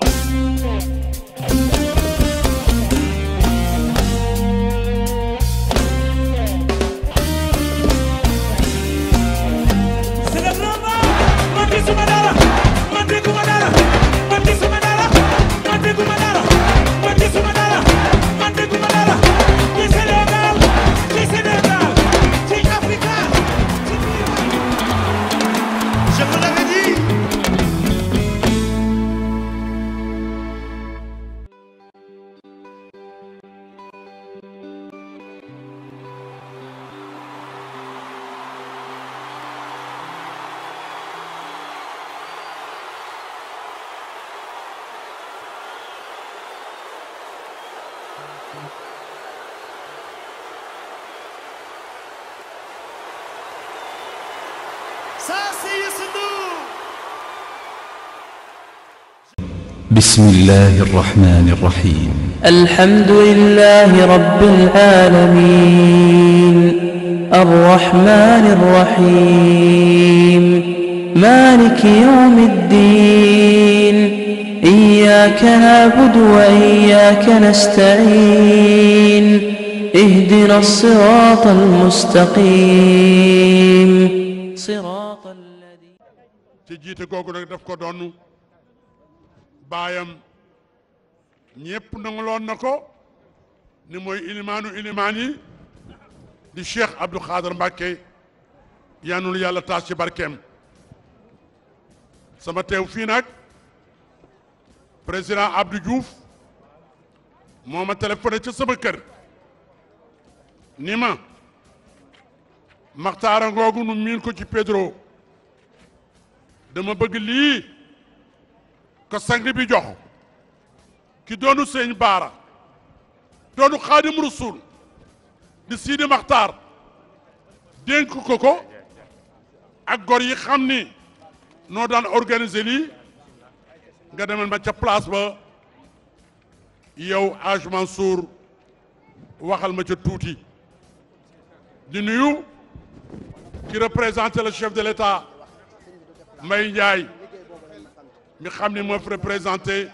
Thank you. بسم الله الرحمن الرحيم الحمد لله رب العالمين الرحمن الرحيم مالك يوم الدين إياك نعبد وإياك نستعين اهدنا الصراط المستقيم صراط الذي تجيت كوكو داف كو دونو baayam ñëpp nanguloon na ko ni mooy ilimaanu ilimaan yi di cheikh Abdou Khader Mbacke yanul yàlla taas ci barkeem sama teew fii nag président Abdou Diouf moo ma téléphoné ca sama kër ni ma maxtaara ngoogu miin ko ci Pedro dama bëgg lii ko sang bi jox ki doonu sëñ baara doonu xaadim rasul di siidi maxtaar dénk ko ko ak gor yi xam ni noo daan organise lii nga demen ba ca place ba yow Aj suur waxal ma ca tuuti di nuyu ki représenté la chef de l'État May Ndiaye mi xam ni moo fi représenté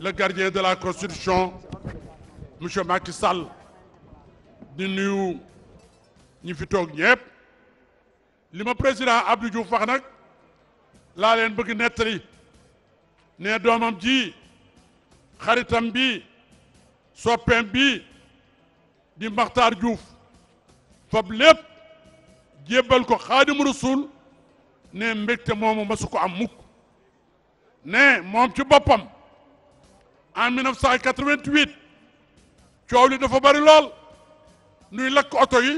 le gardien de la constitution monsieur Macky Sall di nuyu ñi fi toog ñëpp li ma président Abdou Diouf wax nag laa leen bëgg nettali ne doomam ji xaritam bi soppeem bi di Makhtar Diouf fab lépp jébbal ko xaadimu rasul ne mbégte moomu masu ko am ne moom ci boppam en 1988 coow li dafa bari lool nuy lakk oto yi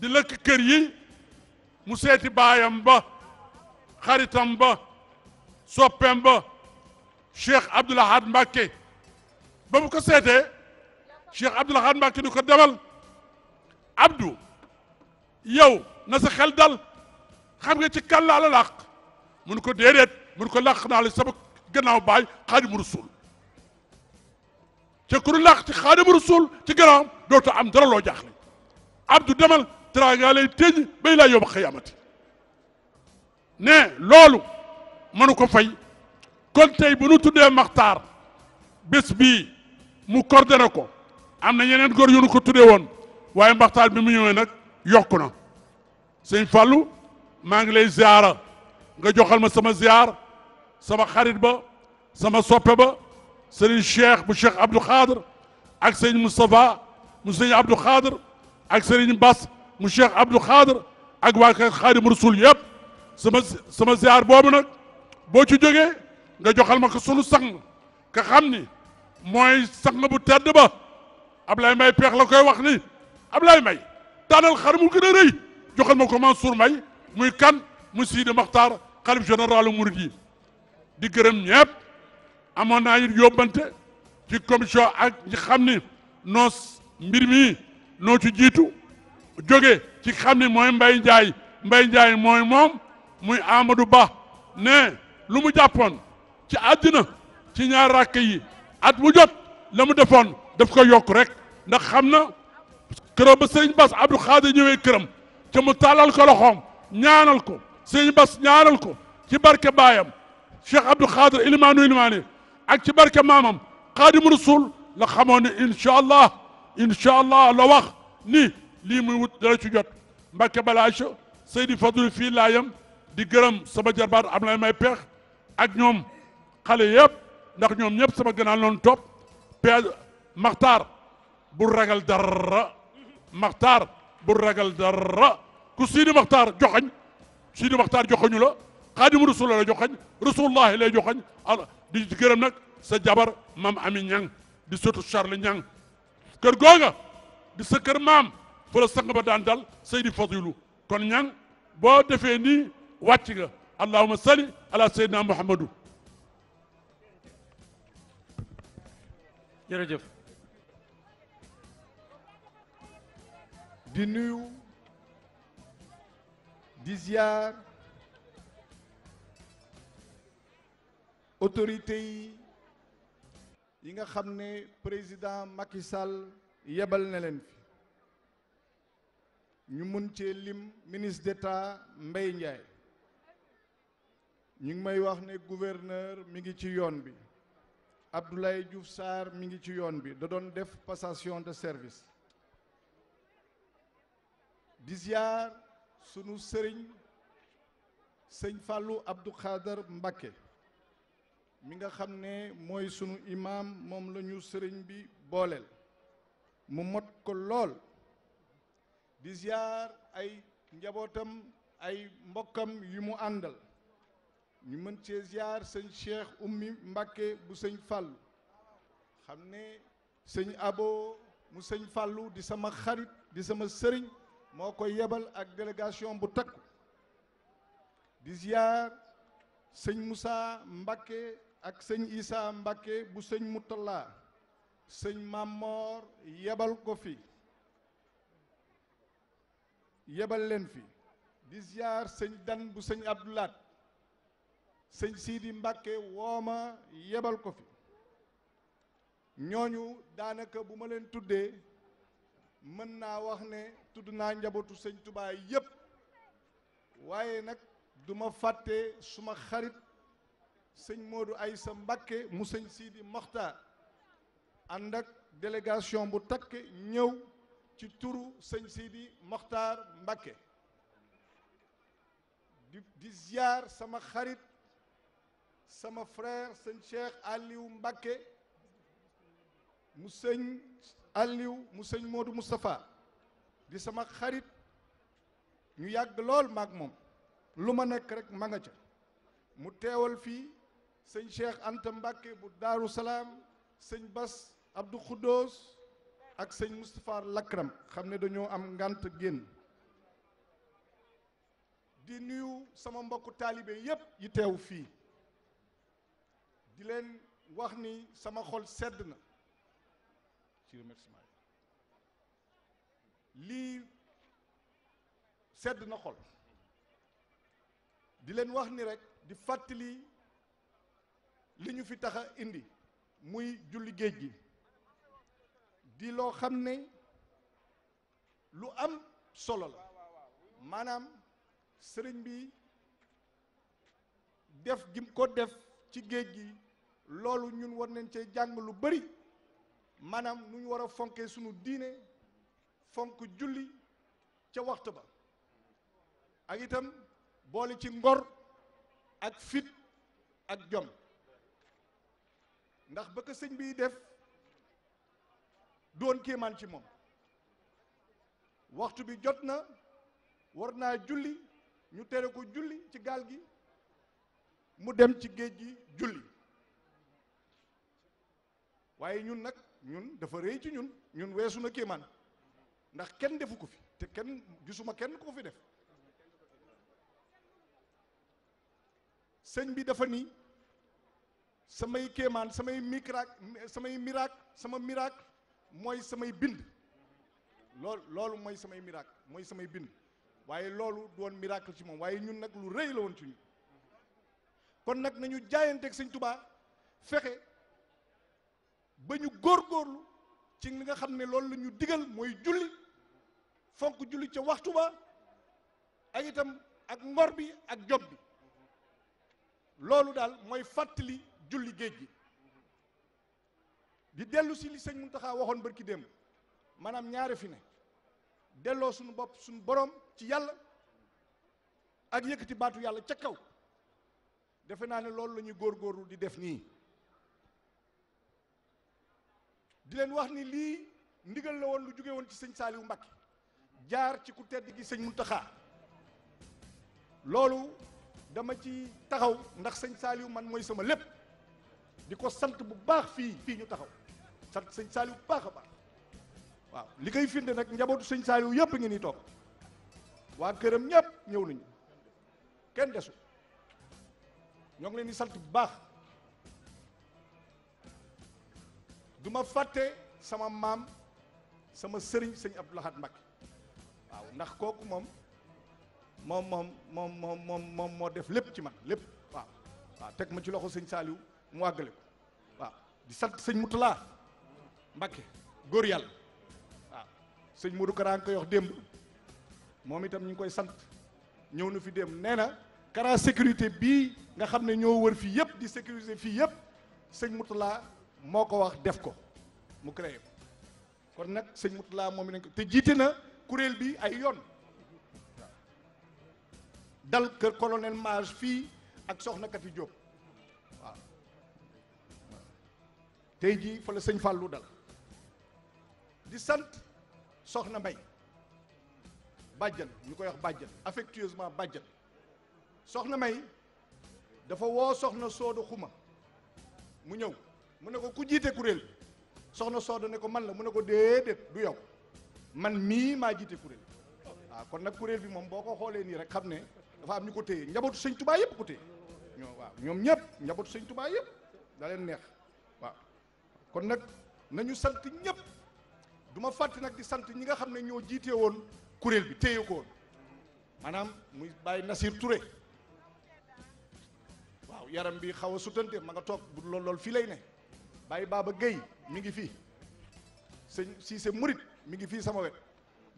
di lakk kër yi mu seeti baayam ba xaritam ba soppeem ba Cheikh Abdoul ba mu ko seetee Cheikh Abdoul Ahad Mbacké ni ko demal Abdou yow na sa xel dal xam nga ci kan laa làq mun ko déedéet mun ko làq naa la sama gannaaw baay xaadimu rasul te ku nu làq ci xaadimu rasul ci gannaawam dootu am dara loo jaaxle abdu demal teraanga lay téeñ bay laa yóbbu xëyaamati ne loolu mënu ko fay kon tey bu nu tuddee maxtaar bés bii mu coordonné ko am na yeneen gor yu ko tuddee woon waaye maxtaar bi mu ñëwee nag yokku na sëñ Fallou maa ngi lay ziara nga joxal ma sama ziar sama xarit ba sama soppe ba sëriñ Cheikh bu Cheikh Abdou ak sëriñ Moustapha mu sëriñ Abdou Khadr ak sëriñ Bass mu Cheikh Abdou Khadr ak waa kër Xaadimu Rasuul yëpp sama sama ziar boobu nag boo ci jógee nga joxal ma ko sunu sang ka xam ni mooy sang bu tedd ba Ablaye Mbaye peex la koy wax ni Ablaye Mbaye daanal xar mu gën a joxal ma ko Mansour Mbaye muy kan mu Sidi Maxtaar xalif général Mouride yi di gërëm ñëpp amoon naa it yóbbante ci commission ak ñi ni noos mbir mi noo ci jiitu jóge ci xam ni mooy Mbaye Ndiaye Mbaye Ndiaye mooy moom muy Amadou Ba ne lu mu jàppoon ci àddina ci ñaar rakk yi at mu jot la mu defoon def ko yokk rek ndax xam na këram ba sëriñ Bass Abdou Khadre ñëwee këram ca mu tàllal ko loxoom ñaanal ko sëriñ Bass ñaanal ko ci barke baayam cheikh abdou xaadir ilimaanu ilimaani ak ci barke maamam xaadimu rasul la xamoon ne incha allah allah la wax ni lii muy wut dara ci jot mbàkke balaacha seydi fadul fii di gërëm sama jarbaat am lay may peex ak ñoom xale yëpp ndax ñoom ñëpp sama gënaan loon topp pe maxtaar bu ragal dara maxtaar bu ragal dara ku siidi maxtaar joxañ siidi maxtaar joxañu la xaadimu rasul la joxañ rasulullah lay joxañ ala di gërëm nag sa jabar mam ami ñang di sotu Charles ñang kër googa di sa maam fa la daan dal Seydi Fadilu kon ñang boo defee nii wàcc ga allahuma salli ala seydina muhammadu di nuyu di ziar autorité yi yi nga xam ne président Macky Sall yebal na leen fi ñu mën cee lim ministre d'État Mbaye Ndiaye ñu ngi may wax ne gouverneur mi ngi ci yoon bi Abdoulaye juf saar mi ngi ci yoon bi da doon def possation de service di sunu sëriñ sëñ fàllu Abdou Khader Mbacké mi nga xam ne mooy sunu imam moom lañu sëriñ bi booleel mu mot ko lool di ziar ay njabootam ay mbokkam yi mu àndal ñu mën cee ziar sëñ Cheikh Ummi Mbàkke bu sëñ Fàllu xam ne sëñ Abo mu sëñ Fàllu di sama xarit di sama sëriñ moo ko yebal ak délégation bu takku di ziar sëñ Moussa Mbàkke ak sëñ Issa Mbakke bu sëñ Moutalla sëñ Mamor yebal ko fi yebal leen fi di ziar sëñ Dan bu sëñ Abdoulaat sëñ Sidi Mbakke wooma yebal ko fi ñooñu daanaka bu ma leen tuddee mën naa wax ne tudd naa njabootu sëñ Tuubaa yépp waaye nag duma fàtte suma xarit sëñ ay sa Mbakke mu sëñ Sidi Mokhtar ànd ak délégation bu takk ñëw ci turu sëñ Sidi Mokhtar Mbakke di di ziar sama xarit sama frère sëñ Cheikh Aliou Mbakke mu sëñ Aliou mu sëñ Modou Moustapha di sama xarit ñu yàgg lool maag moom lu ma nekk rekk ma nga ca mu teewal fii. sëñ Cheikh Anta Mbacke bu Daaru Salaam sëñ Bas Abdou Khoudous ak sëñ Moustapha Lakram xam ne dañoo am ngànt génn di nuyu sama mbokku taalibe yépp yi teew fii di leen wax ni sama xol sedd na ci lii sedd na xol di leen wax ni rek di fàttali li ñu fi tax indi muy julli géej gi di loo xam ne lu am solo la maanaam sëriñ bi def gim ko def ci géej gi loolu ñun war nañ cee jàng lu bari maanaam nu ñu war a fonkee sunu diine fonk julli ca waxtu ba ak itam boole ci ngor ak fit ak jom ndax ba sëñ bi def doon kéemaan ci moom waxtu bi jot na war naa julli ñu tere ko julli ci gaal gi mu dem ci géej gi julli waaye ñun nag ñun dafa rëy ci ñun ñun weesu na kéemaan ndax kenn defu ko fi te kenn gisuma kenn ko fi def sëñ bi dafa nii samay kéemaan samay miracle samay miracle sama miracle mooy samay bind lool loolu mooy samay miracle mooy samay bind waaye loolu doon miracle ci moom waaye ñun nag lu rëy la woon ci ñun kon nag nañu jaayanteeg sëñ tubaa fexe ba ñu góorgóorlu ci li nga xam ne loolu lañu ñu digal mooy julli fonk julli ca waxtu ba ak itam ak ngor bi ak job bi loolu daal mooy fàttali julli géej gi di dellu si li sëñ Muntaxa waxoon bërki démb maanaam ñaari fi ne delloo suñu bopp suñu boroom ci yàlla ak yëkkati baatu yàlla ca kaw defe naa ne loolu lañuy góor góorgóorlu di def nii di leen wax ni lii ndigal la woon lu jóge woon ci sëñ Saaliwu Mbàkke jaar ci ku tedd gi sëñ Muntaxa loolu dama ci taxaw ndax sëñ Saaliwu man mooy sama lépp di ko sant bu baax fii fii ñu taxaw sant sëñ Saliou bu baax a baax waaw li koy finde nag njabootu sëñ Saliou yëpp ngi ni toog waa këram ñëpp ñëw nañu kenn desu ñoo ngi leen di sant bu baax duma ma fàtte sama maam sama sëriñ sëñ Abdou Lahad Mbacké waaw ndax kooku moom moom moom moom moom moom moo def lépp ci man lépp waaw waaw teg ma ci loxo sëñ Saliou mu àggale ko waaw di sant sëñ Moutala Mbakke góor yàlla waaw sëñ Modou Kara nga koy wax démb moom itam ñu koy sant ñëw na fi démb nee na Kara sécurité bii nga xam ne ñoo wër fii yëpp di sécuriser fii yëpp sëñ Moutala moo ko wax def ko mu créé ko kon nag sëñ Moutala moom nañ te jiite na kuréel bi ay yoon dal kër colonel Mage fii ak soxna Kati Diop. tey jii fa la sëñ Fallou dal di sant soxna Mbay bàjjan ñu koy wax bàjjan affectueusement bàjjan soxna May dafa woo soxna Soodo xuma mu ñëw mu ne ko ku jiite kuréel soxna sooda ne ko man la mu ne ko déedéet du yow man mii maa jiite kuréel waaw ah, kon nag kuréel bi moom boo ko xoolee nii rek xam ne dafa am ñu ko téye njabootu sëñ Tubaa yëpp ko téye ñoom waaw ñoom ñëpp njabootu sëñ Tubaa yëpp da leen neex kon nag nañu sant ñëpp duma ma fàtte nag di sant ñi nga xam ne ñoo jiitee woon kuréel bi téye ko maanaam muy bàyyi Nasir Touré waaw yaram bi xaw a sutante ma nga toog bu lool lool fii lay ne bàyyi Baba Guèye mi ngi fii sëñ Cissé Murit mi ngi fii sama wet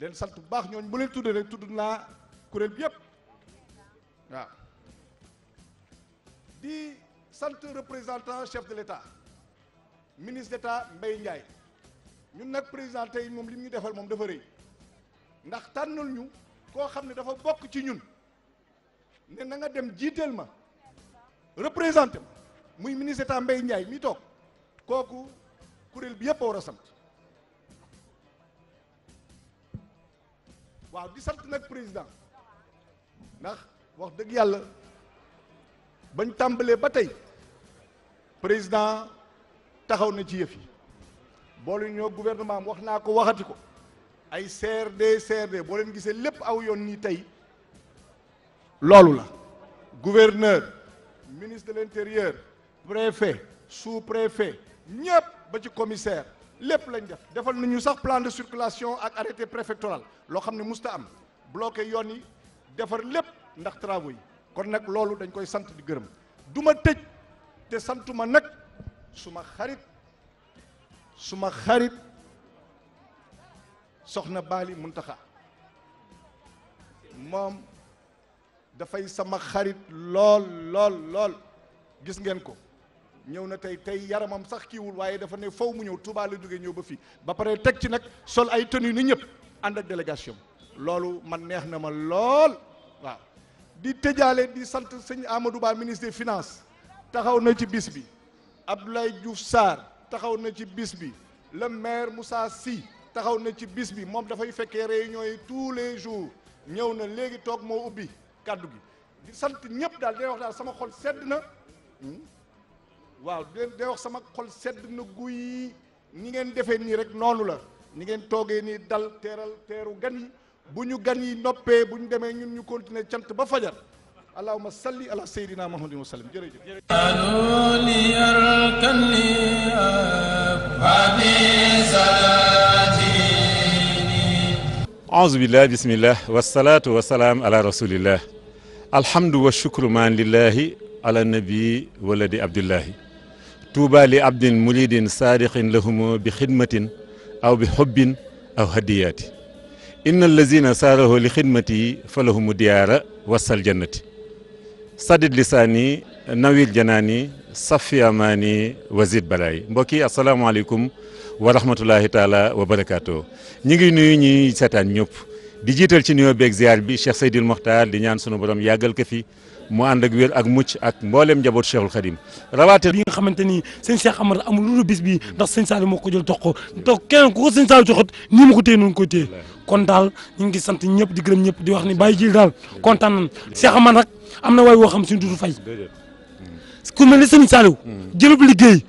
leen sant bu baax ñooñ bu leen tuddee rek tudd naa kuréel bi yëpp waaw di sant représentant chef de l'État ministre d'État Mbaye Ndiaye ñun nag président tey moom li mu ñu defal moom dafa rëy ndax tànnul ñu koo xam ne dafa bokk ci ñun ne na nga dem jiiteel ma représenté ma muy ministre d'État Mbaye Ndiaye mi toog kooku kuréel bi yëpp war a sant waaw di sant nag président ndax wax dëgg yàlla bañ tàmbalee ba tey président taxaw na ci yëf yi boolu ñoo gouvernement am wax naa ko waxati ko ay CRD CRD boo leen gisee lépp aw yoon nii tey loolu la gouverneur ministre de l'intérieur préfet sous-préfet ñëpp ba ci commissaire lépp lañ def defal nañu sax plan de circulation ak arrêté préfectoral loo xam ne musta am bloqué yoon yi defar lépp ndax travaux yi kon nag loolu dañ koy sant di gërëm du ma tëj te santuma nag suma xarit suma xarit soxna Baali taxa moom dafay sama xarit lool lool lool gis ngeen ko ñëw na tey tey yaramam sax kiiwul waaye dafa ne faw mu ñëw Touba la jógee ñëw ba fii ba pare teg ci nag sol ay tenue ni ñëpp ànd ak délégation loolu man neex na ma lool waaw di tëjaale di sant sëñ Amadou Ba ministre des finances taxaw na ci bis bi Abdoulaye Diouf saar taxaw na ci bis bi le maire Moussa si taxaw na ci bis bi moom dafay fekkee réunion yi tous les jours ñëw na léegi toog moo ubbi kàddu gi di sant ñëpp daal day wax daal sama xol sedd na hmm? waaw day wax sama xol sedd na guy ñi ngeen defee nii rek noonu la ñi ngeen toogee nii dal teeral teeru gan yi bu ñu gan yi noppee bu ñu demee ñun ñu continuer cant ba fajar allahumma salli ala sayyidina muhammadin wa sallim jërëjëf aousubillah bisimillah wasalatu wasalaam ala rasulillah alhamdu wa shukru man lillahi ala nabi waladi abdillahi tuuba li abdin muridin saadiqin lahumo bi xidmatin aw bi hubbin aw hadiyaati inna allazina saarahu li xidmati fa lahumu diyaara wasal jannati sadid lisaani nawil janaani safi amaani wazid balaay mbokk yi asalaamaaleykum wa rahmatulahi taala wa barakaatu ñu ngi nuyu ñi seetaan ñëpp di jiital ci nuyoo beeg ziar bi Cheikh Seydil Mokhtar di ñaan sunu borom yàggal ko fi. mu ànd ak wér ak mucc ak mbooleem njaboot Cheikhul Khadim rawaate li nga xamante ni sëñ Cheikh Amar amul lu dul bis bi ndax sëñ Saliou moo ko jël jox ko donc keneen ko sëñ Saliou joxat nii ma ko téye noonu ko téye kon daal ñu ngi sant ñëpp di gërëm ñëpp di wax ni bàyyi jil daal kontaan nan Cheikh Amar nag am na waay woo xam suñu dudu fay ku mel ni sëñ Saliou jëlub liggéey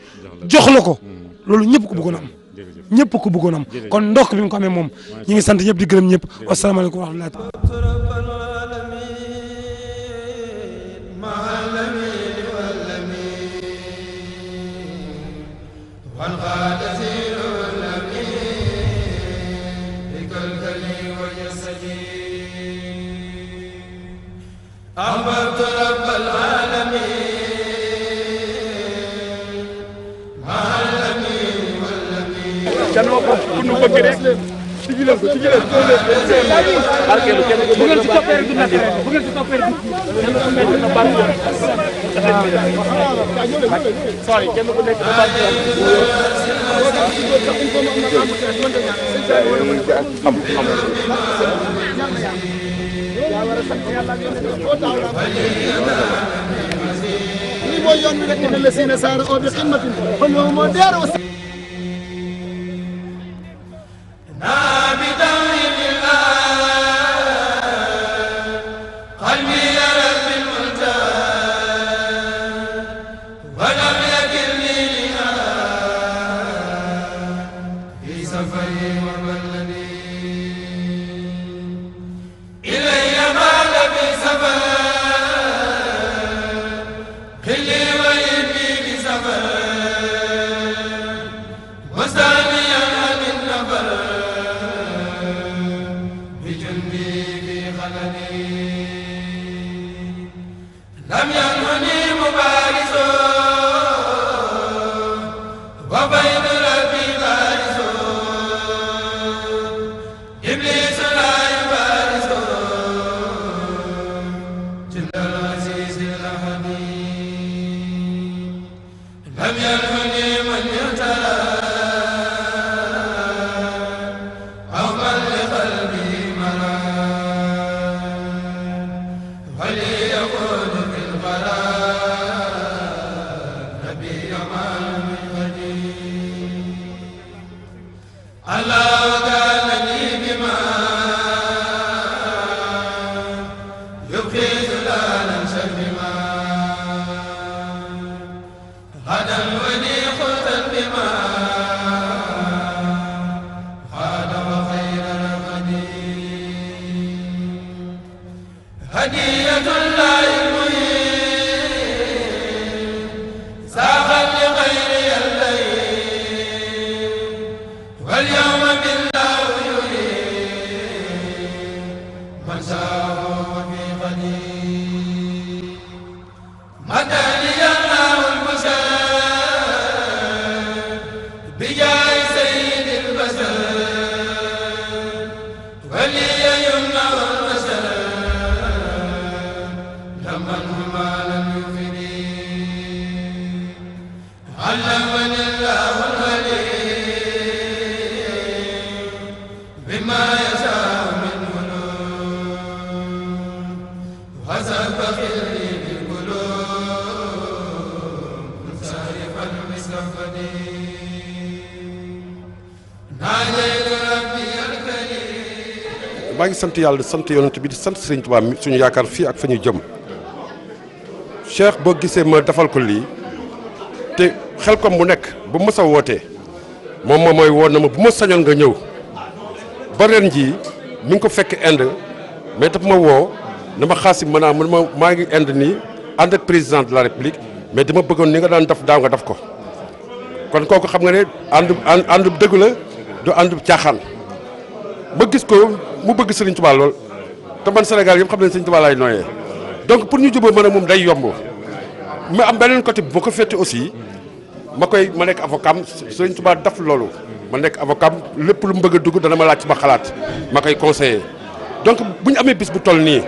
jox la ko loolu ñëpp ko bëggoon am ñëpp ko bëggoon am kon ndokk bi mu ko amee moom ñu ngi sant ñëpp di gërëm ñëpp wasalaamaaleykum wa rahmatulah Jangan lupa penuh bergerak. ci leen ko ci leen ko barkeelu kenn bu ngeen ci toppee rek du natt bu ngeen ci toppee rek kenn ku nekk na barkeelu sorry kenn ku nekk na barkeelu am am ni mooy yoon bi rek ne la seen saara oo bi ximmatin xoloo moo deer amiin bi sant yàlla sant yonent bi di sant Serigne Touba suñu yaakaar fii ak fa ñu jëm Cheikh boo gisee ma defal ko lii te xel kom bu nekk bu ma sa wootee moom moom mooy woon na ma bu ma sañoon nga ñëw ba ren jii mi ngi ko fekk Inde mais daf ma woo na ma xaasim ma man ma maa ngi Inde nii ànd ak président de la république mais dama bëggoon ni nga daan def daaw nga def ko kon kooku xam nga ne ànd ànd dëgg la du ànd caaxaan. ba gis ko mu bëgg Serigne Touba lool te man Sénégal yëpp xam nañ Serigne Touba laay nooyee donc pour ñu jubóo ma ne moom day yomb mais am beneen côté boo ko féete aussi ma koy ma nekk avocat am Serigne Touba daf loolu ma nekk avocat lépp lu mu bëgg dugg dana ma laaj ci ma xalaat ma koy conseiller donc bu ñu amee bis bu toll nii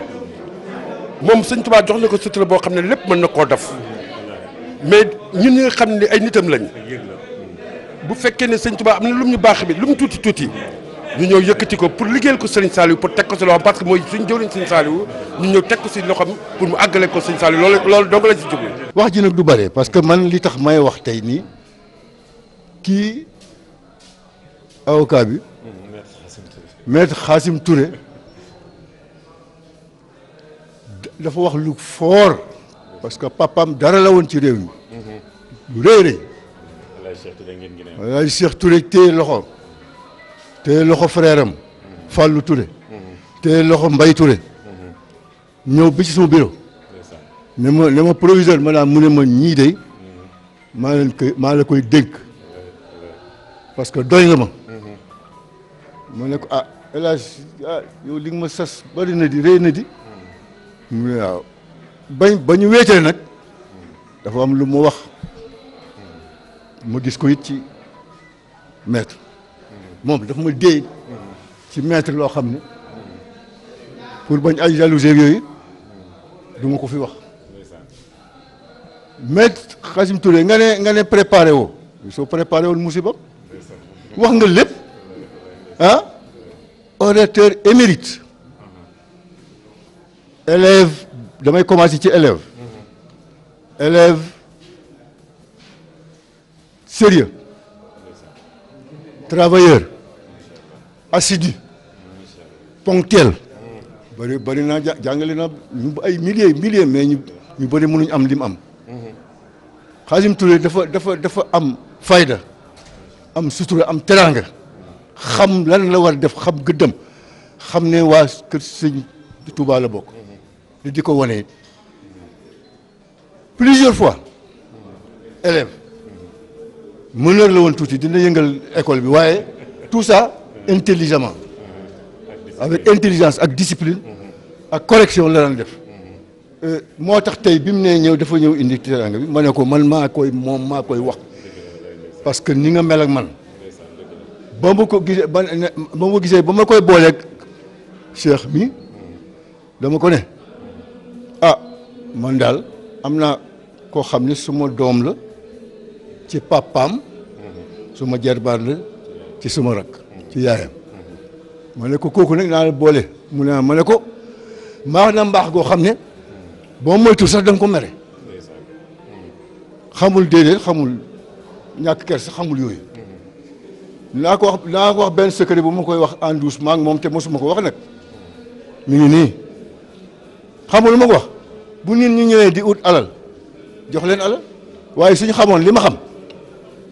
moom Serigne Touba jox na ko sutura boo xam ne lépp mën na koo def mais ñun ñi xam ne ay nitam lañ bu fekkee ne Serigne Touba am lu ñu baax bi lu mu tuuti tuuti. ñu ñëw yëkkati ko pour liggéeyal ko Serigne Saliou pour teg ko si loxoom parce que mooy suñ jëwriñ Serigne Saliou ñu ñëw teg ko si loxoom pour mu àggale ko Serigne Saliou loolu loolu dong lañ si jublu. wax ji nag du bare parce que man li tax may wax tey nii kii avocat bi maître Khassim Touré dafa wax lu foor parce que papam dara la woon ci réew mi lu rëy rëy. walaay Cheikh Touré ngeen gën a. walaay Cheikh te loxo frère am Fallou te loxo Mbaye Touré ñëw bi ci sama bureau ne ma ne ma proviseur mu ne ma ñii de mm-hmm. maa koy maa la koy dénk parce que doy nga ma mm-hmm. ma ne ko ah El Hadj ah, yow li ma sas bari na di rëy na di mm-hmm. ba ñu weetee nag dafa am lu mu wax ma gis ko it ci maître moom dafa ma déey ci maître loo xam ne pour bañ ay jalousie yooyu du ma ko fi wax maître Khadim Touré nga ne nga ne préparé woo soo préparé woon musiba wax nga lépp ah orateur émérite élève damay commencer ci élève élève sérieux travailleur assidu ponctuel bëri bëri naa jàngale naa ñu ay milliers milliers mais ñu ñu bëri mënuñu am li mu am Khadim Touré dafa dafa dafa am fayda am sutura am teraanga xam lan la war def xam gëddam xam ne waa kër sëñ Touba la bokk di ko wane plusieurs fois meneur la woon tuuti dina yëngal école bi waaye tout ça intelligement avec intelligence ak discipline ak correction la daan def euh, moo tax tey bi mu nee ñëw dafa ñëw indi teraanga bi ma ne ko man maa koy moom maa koy wax parce que ni nga mel ak man ba ma ko gisee ba ma gisee ba ma koy booleeg cheikh mi dama ko ne ah man daal am naa koo xam ne suma doom la ci papaam suma jarbaat la ci suma rak ci yaayam ma ne ko kooku nag naa boole mu ne ma ne ko mbaax na mbaax goo xam ne boo moytu sax da ko mere xamul déedéet xamul ñàkk kersa xamul yooyu naa ko wax naa ko wax benn secret bu ma koy wax en doucement moom te mosuma ko wax nag mi ngi nii xamul ma ko wax bu nit ñi ñëwee di ut alal jox leen alal waaye suñ xamoon li ma xam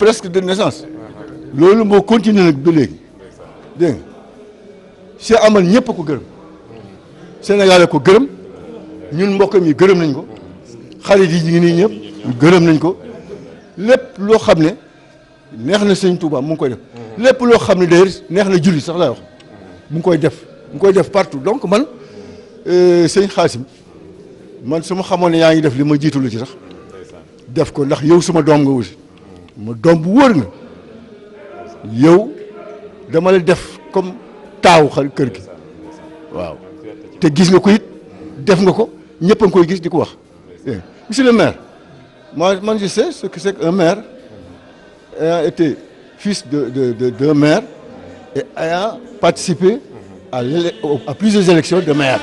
presque de naissance loolu moo continuer nag ba léegi dégg nga Cheikh Amar a ko gërëm Sénégal ko gërëm ñun mbokkam yi gërëm nañ ko xarit yi ñu ngi nii ñëpp gërëm nañ ko lépp loo xam ne neex na sëñ Touba mu ngi koy def lépp loo xam ne d'ailleurs neex na julli sax laay wax mu ngi koy def mu ngi koy def partout donc man euh, sëñ Xaasim man su ma xamoon ne yaa ngi def li ma jiitalu ci sax def ko ndax yow suma doom nga wuti mu doom bu wóor nga yow dama la def comme taaw kër gi waaw te gis nga ko it def nga ko ñëpp a ngi koy gis di ko wax eh, monsieur le maire moi man ce que c'est qu'un maire ayant été fils de de de d'un maire et ayant participé à à plusieurs élections de maire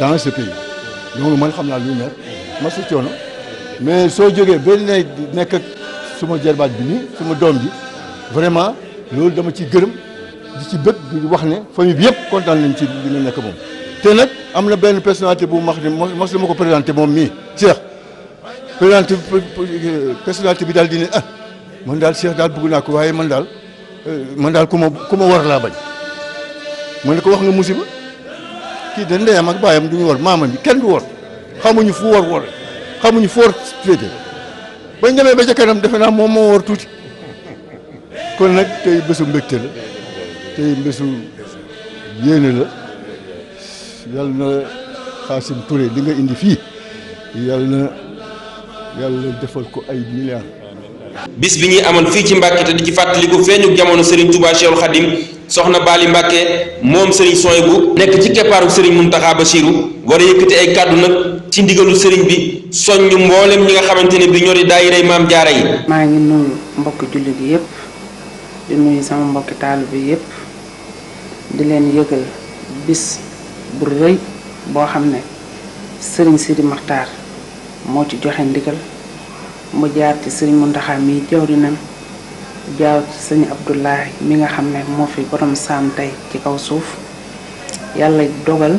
dans ce pays donc man xam naa luy maire ma su mais soo jógee ba nekk suma jarbaat bi nii suma doom ji vraiment loolu dama ci gërëm di ci bëgg di wax ni famille bi yëpp kontaan nañ ci dina nekk moom. te nag am na benn personnalité bu max ne mas la ma ko présenté moom mii Cheikh présenté personnalité bi daal di ne ah man daal Cheikh daal bëgg naa ko waaye man daal euh, man daal ku ma ku ma war laa bañ ma ne ko wax nga musiba kii da ndeyam ak baayam du ñu war maamam bi kenn du war xamuñu fu war war xamuñu fu war féete ba demee ba ca kanam defe naa moom moo war tuuti kon nag tey bésu mbégte la tey bésu yéene la yàlla na Xaasim Touré li nga indi fii yàlla na yàlla defal ko ay milliards. bis bi ñuy amoon fii ci Mbàkke te di ci fàttaliku feeñu jamono Serigne Touba Cheikhul Khadim soxna Bali Mbàkke moom Serigne Soy bu nekk ci keppaaru Serigne Mountakha Bassirou. war a yëkkati ay kàddu nag ci ndigalu sëriñ bi soññ mboolem ñi nga xamante ne bi ñoo di daayiray maam jaara yi. maa ngi nuyu mbokki jullit yëpp di nuyu sama mbokki taalibe yëpp di leen yëgal bis bu rëy boo xam ne sëriñ Sidi Maxtaar moo ci joxe ndigal mu jaar ci sëriñ Muntaxa mi jawrinam jaaw ci sëñ Abdoulahi mi nga xam ne moo fi borom saam tey ci kaw suuf yàlla dogal.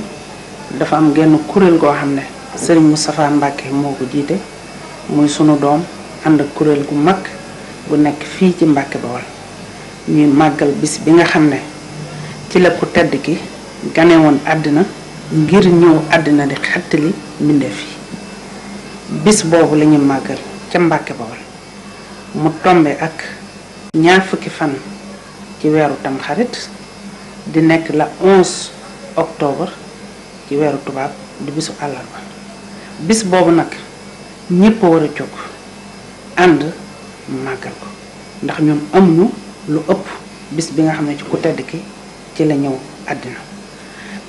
dafa am genn kuréel goo xam ne Serigne Moustapha Mbacke moo ko jiite muy sunu doom ànd ak kuréel gu mag bu nekk fii ci Mbacke Bawol ñuy màggal bis bi nga xam ne ci la ku tedd ki gane àddina ngir ñëw àddina di xattali mbindeef yi bis boobu la màggal ca Mbacke Bawol mu tombe ak ñaar fukki fan ci weeru tamxarit di nekk la 11 octobre ci weeru tubaab di bisu àllarba bis boobu nag ñépp a war ànd màggal ko ndax ñun amuñu lu ëpp bis bi nga xam ne ci ku tedd ki ci la ñëw àddina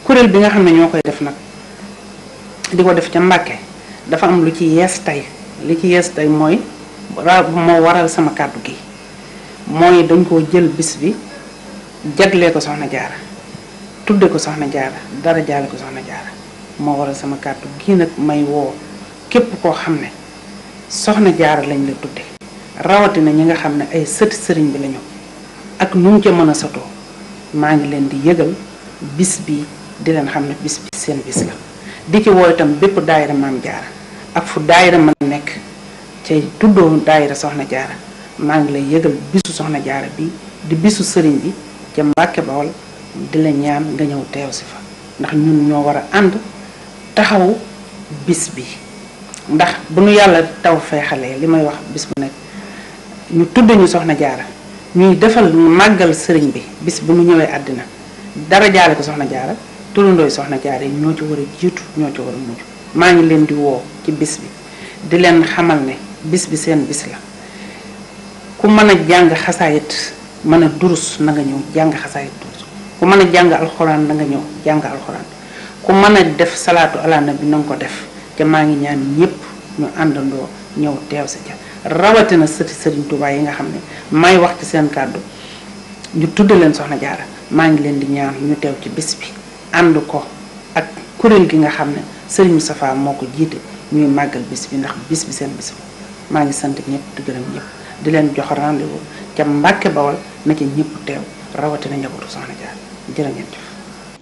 kuréel bi nga xam ne ñoo koy def nag di ko def ca Mbàkke dafa am lu ci yees tey li ci yees tey mooy moo waral sama kàddu gi mooy dañ koo jël bis bi jaglee ko soxna jaara tudde ko soxna jaara dara jaale ko soxna jaara moo waral sama kàddu gii nag may woo képp koo xam ne soxna jaara lañ la tudde rawatina ñi nga xam ne ay sëti sëriñ bi lañu ak nu mu ca mën a sotoo maa ngi leen di yëgal bis bi di leen xam ne bis bi seen bis la di ci woo itam bépp daayira maam jaara ak fu daayira mën nekk cay tuddoo daayira soxna jaara maa ngi lay yëgal bisu soxna jaara bi di bisu sëriñ bi ca Mbàkke Bawol di leen ñaan nga ñëw teew si fa ndax ñun ñoo war a ànd taxawu bis bi ndax bu nu yàlla taw feexalee li may wax bis bu nekk ñu tudd ñu soxna jaara ñuy defal màggal sëriñ bi bis bu mu ñëwee àddina dara jaale ko soxna jaara turandooy soxna jaar yi ñoo ci war a jiitu ñoo ci war a mujj maa ngi leen di woo ci bis bi di leen xamal ne bis bi seen bis la ku mën a jàng xasaayit mën a durus na nga ñëw jàng xasaayit ku mën a jàng alxuraan da nga ñëw jàng alxuraan ku mën a def salaatu alaana nabi na ko def te maa ngi ñaan ñëpp ñu àndandoo ñëw teew si ca rawatina sëti sëriñ Tuubaa yi nga xam ne may wax ci seen kàddu ñu tudd leen soxna jaara maa ngi leen di ñaan ñu teew ci bis bi ànd ko ak kuréel gi nga xam ne sëriñ Moustapha moo ko jiite ñuy màggal bis bi ndax bis bi seen bis maa ngi sant ñëpp di gërëm ñëpp di leen jox rendez-vous ca Mbàkke Bawol na ca ñëpp teew rawatina njabootu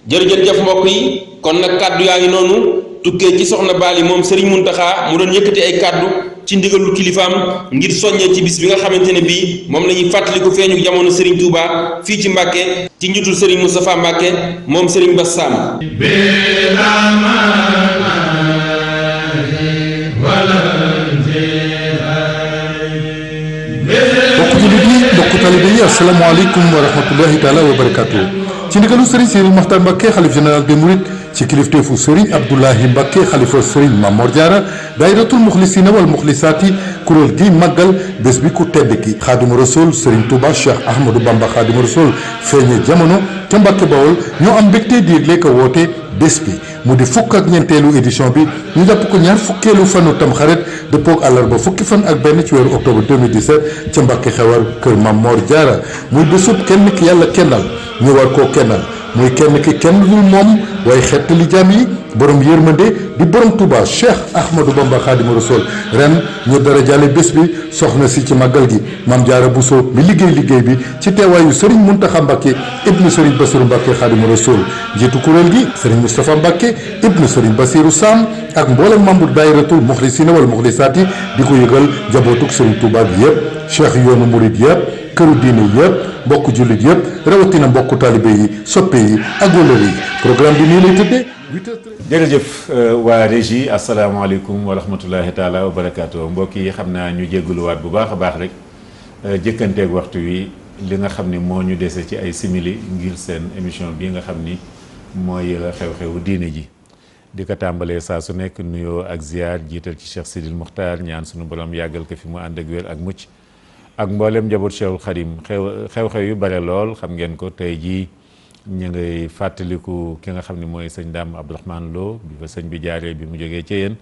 jërë ngeen jëf. mbokk yi kon nag kàddu yaa ngi noonu tukkee ci soxna baal yi moom Serigne Mountakha mu doon yëkkati ay kàddu ci ndigalu kilifaam ngir soññee ci bis bi nga xamante ne bii moom la ñuy fàttaliku feeñu jamono Serigne Touba fii ci Mbàkke ci njiitul Serigne Moustapha Mbàkke moom Serigne Bass Sam bokk jullit yi bokk taalibe yi asalaamaaleykum wa rahmatullahi taala wa barakaatu ci ndigalu Serigne Serigne Makhtar Mbacké xalif général des Mourides ci kilifteefu Serigne Abdoulahi Mbacké xalifa Serigne Mamor Diarra daayiratul muxlisina wal muxlisaati kuréel gi màggal bés bi ku tedd ki Xaadimu Rasuul Serigne Touba Cheikh Ahmadou Bamba Xaadimu Rasuul feeñe jamono ca Mbacké Bawol ñoo am mbégte di yëgle ko woote bés bi mu di fukk ak ñeenteelu édition bi ñu jàpp ko ñaar fukkeelu fanu tamxarit dëppook àllarba fukki fan ak benn ci weeru octobre 2017 ca Mbacké Xewar kër Mamor Diarra muy bésub kenn ki yàlla kennal ñu war koo kennal muy kenn ki kenn dul moom waaye xettali jàmm yi borom yërmande di borom Touba Cheikh Ahmadou Bamba Khadimou Rassoul ren ñu dara jàlle bés bi soxna si ci màggal gi Mame Diarra Bousso mi liggéey liggéey bi ci teewaayu Serigne Mountakha Mbacké ibnu Serigne Bassirou Mbacké Khadimou Rassoul njiitu kuréel gi Serigne Moustapha Mbacké ibnu Serigne Bassirou Sam ak mboolem membre daayiratul muxlisina wal muxlisaat yi di ko yëgal njabootug Serigne tubaa bi yëpp cheikh yoonu murid yëpp këru diine yëpp mbokku jullit yëpp rawatina mbokku taalibe yi soppe yi ak wëllëre yi programme bi nii lay tëddee. jërëjëf euh, waa régie asalaamaaleykum wa rahmatulahi taala wa barakaatu mbokk yi xam naa ñu jégaluwaat bu baax a baax rek euh, jëkkanteeg waxtu wi li nga xam ni moo ñu dese ci ay simili ngir seen émission bi nga xam ni mooy xew-xewu diine ji. di ko tàmbalee saa su nekk nuyoo ak ziar jiital ci Cheikh Sidil Muxtaar ñaan sunu borom yàggal ko fi mu ànd ak ak mucc. ak mbooleem njaboot Cheikhul Khadim xew xew-xew yu bare lool xam ngeen ko tey jii ñu ngay fàttaliku ki nga xam ne mooy sëñ Dame Abdourahmane Lo bi fa sëñ bi jaaree bi mu jógee ci yéen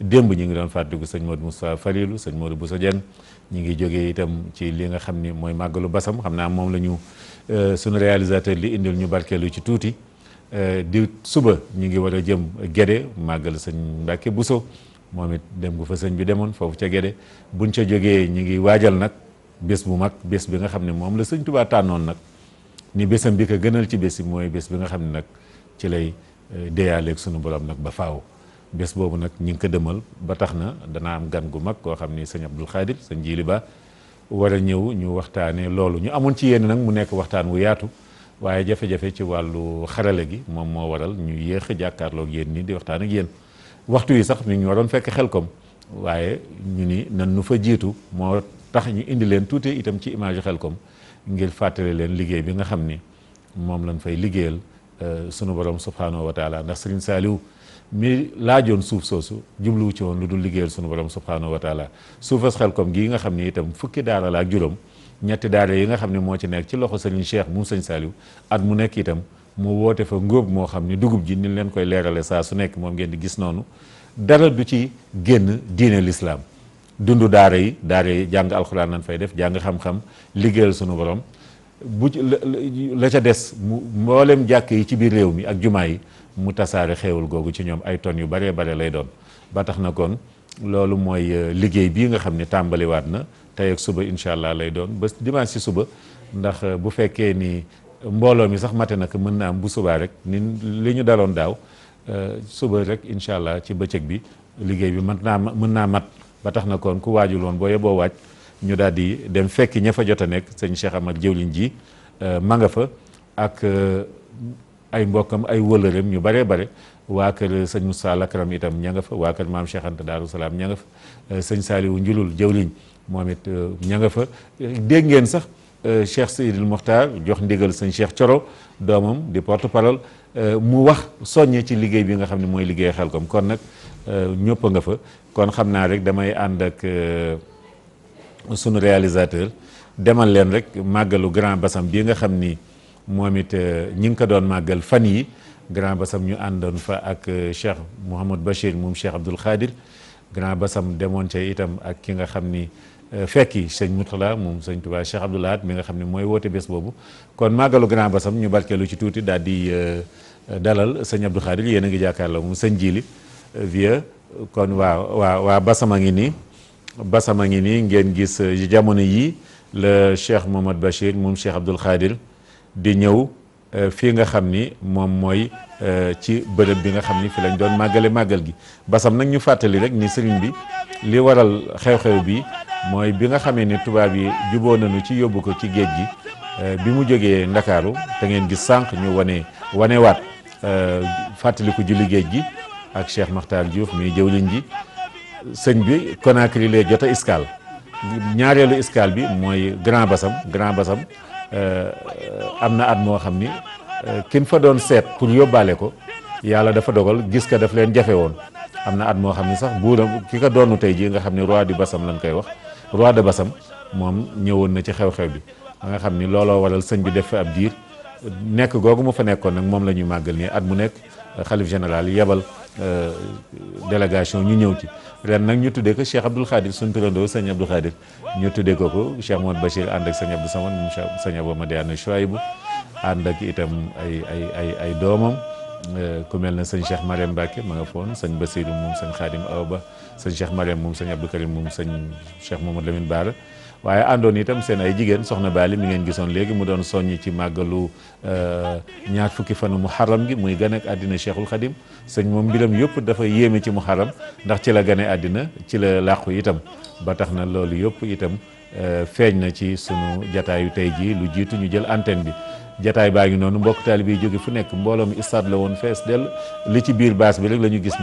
démb ñu ngi doon fàttaliku sëñ Modou Moustapha Falilou sëñ Modou Bousso Dieng ñu ngi jógee itam ci li nga xam ni mooy màggalu basam xam naa moom la ñu euh, sunu réalisateur li indil ñu barkeelu ci tuuti euh, di suba ñu ngi war a jëm Gédé màggal sëñ Mbacke Bousso moom it dem gu fa sëñ bi demoon foofu ca Gédé buñ ca jógee ñu ngi waajal nag bés bu mag bés bi nga xam ne moom la sëñ Tuubaa tànnoon nag ni bésam bi ko gënal ci bés yi mooy bés bi nga xam ne nag ci lay eh, deyaaleeg sunu borom nag ba faaw bés boobu nag ñi ngi ko demal ba tax na danaa am gan gu mag koo xam ni sëñ Abdul Xaadir sëñ Jili Ba war a ñëw ñu waxtaanee loolu ñu amoon ci yéen nag mu nekk waxtaan wu yaatu waaye jafe-jafe ci wàllu xarale gi moom moo waral ñu yéex a jàkkaarloog yéen nii di waxtaan ak yéen waxtu yi sax mi ñu waroon fekk xel kom waaye jiitu moo tax ñu indi leen tuuti itam ci image Xelcom ngir fàttali leen liggéey bi nga xam ni moom lañ fay liggéeyal euh, sunu borom subhaanahu wa ndax Serigne saaliw mi laajoon suuf soosu jubluwu ci woon lu dul liggéeyal sunu borom subhaanahu wa taala suufas Xelcom gii nga xam ni itam fukki daara ak juróom ñetti daara yi nga xam ne moo ci nekk ci loxo Serigne Cheikh moom Serigne saaliw at mu nekk itam mu woote fa ngóob moo xam ni dugub ji ni leen koy leerale saa su nekk moom ngeen gis noonu dara du ci génn diine l'islam dundu daara yi daara yi jàng alxuraan lañ fay def jàng xam-xam liggéeyal sunu borom bu ci la ca des mu mboolem jàkk yi ci biir réew mi ak jumaa yi mu tasaare xéewal googu ci ñoom ay tonnes yu baree bare lay doon ba tax na koon loolu mooy euh, liggéey bii nga xam ni tàmbaliwaat na tey ak suba incha allah lay doon ba dimanche si suba ndax euh, bu fekkee ni mbooloo mi sax mate nag mën naa am bu subaa rek ni li ñu daloon daaw euh, suba rek incha allah ci bëccëg bi liggéey bi mën naa mën naa mat ba tax na kon ku waajul woon boo yeboo waaj ñu daal di dem fekki ña fa jot a nekk sëñ Cheikh Amar jëwlin ji euh, ma nga fa ak euh, ay mbokkam ay wëlëreem ñu baree bare waa kër euh, sëñ Moussa Lakram itam ña nga fa waa kër maam Cheikh Anta Daaru ña nga fa sëñ Saliou Njulul jëwliñ moom it ña nga fa dégg ngeen sax Cheikh Seydil Mokhtar jox ndigal sëñ Cheikh Coro doomam di porte parole mu wax soññe ci liggéey bi nga xam ne mooy liggéey xel koom kon nag Euh, ñëpp nga fa kon xam naa rek damay ànd ak euh, sunu réalisateur demal leen rek màggalu Grand Bassam bii nga xam ni moom it euh, ñi ngi ko doon màggal fan yi Grand Bassam ñu àndoon fa ak Cheikh Mouhamad Bachir moom Cheikh Abdoul Khadir Grand Bassam demoon ca itam ak ki nga xam ni fekki sëñ Moutala moom sëñ Touba Cheikh Abdoul Ahad mi nga xam ne mooy woote bés boobu kon màggalu Grand Bassam ñu barke lu ci tuuti daal di dalal sëñ Abdou Khadir yéen a ngi jàkkaarloo moom sëñ Jili vieux kon waa waa basam a ngi nii a ngi nii ngeen gis euh, jamono yii la cheikh Mohamad Bachir moom cheikh Abdoul Khadir di ñëw euh, fii nga xam ni moom mooy euh, ci bërëb bi nga xam ni fi lañ doon màggale màggal gi basam nag ñu fàttali rek ni sëriñ bi li waral xew-xew bi mooy bi nga xamee ni tubaab yi juboo nañu ci yóbbu ko ci géej gi bi mu jógee ndakaaru te ngeen gis sànq ñu wane wanewaat fàttaliku julli géej gi ak Cheikh Makhtar Diouf muy jëwlin ji sëñ bi Conakry lay jota escale ñaareelu escale bi mooy Grand basam Grand basam euh, am na at moo xam ni euh, kin fa doon seet pour yóbbaale ko yàlla dafa dogal gis ka daf leen jafe woon am na at moo xam ne sax buuram ki ko doonu tey jii nga xam ne roi du Bassam lañ koy wax roi de Bassam moom ñëwoon na ci xew-xew bi ba nga xam ni looloo waral sëñ bi def fa ab diir nekk googu mu fa nekkoon nag moom la ñuy màggal nii at mu nekk xalif général yebal Euh, délégation ñu ñëw ti ren nag ñu tuddee ko Cheikh Abdoul Khadir suñu turandoo sëñ Abdoul Khadir ñu tuddee ko ko Cheikh Mouhamed Bachir ànd ak sëñ Abdou Samane moom sëñ Abou Madiane Chouaïbou ànd ak itam ay ay ay ay doomam euh, ku na sëñ Cheikh Mariam Mbacke ma nga foon sañ Basirou moom sëñ Khadim Awa Ba sëñ Cheikh Mariam moom sëñ Abdou Karim moom sëñ Cheikh waaye àndoon itam seen ay jigéen soxna Baali mi ngeen gisoon léegi mu doon soññ ci màggalu euh, ñaar fukki fanu muharram gi muy gane ak àddina Cheikhul xadim sëñ moom mbiram yëpp dafa yéeme ci muharram ndax ci la gane àddina ci la làqu itam ba tax na loolu yëpp itam euh, feeñ na ci sunu jataayu tey jii lu jiitu ñu jël antenne bi jataay baa ngi noonu mbokk taalibe yi jóge fu nekk mbooloom istade la woon fees dell li ci biir baas bi rek la ñu gis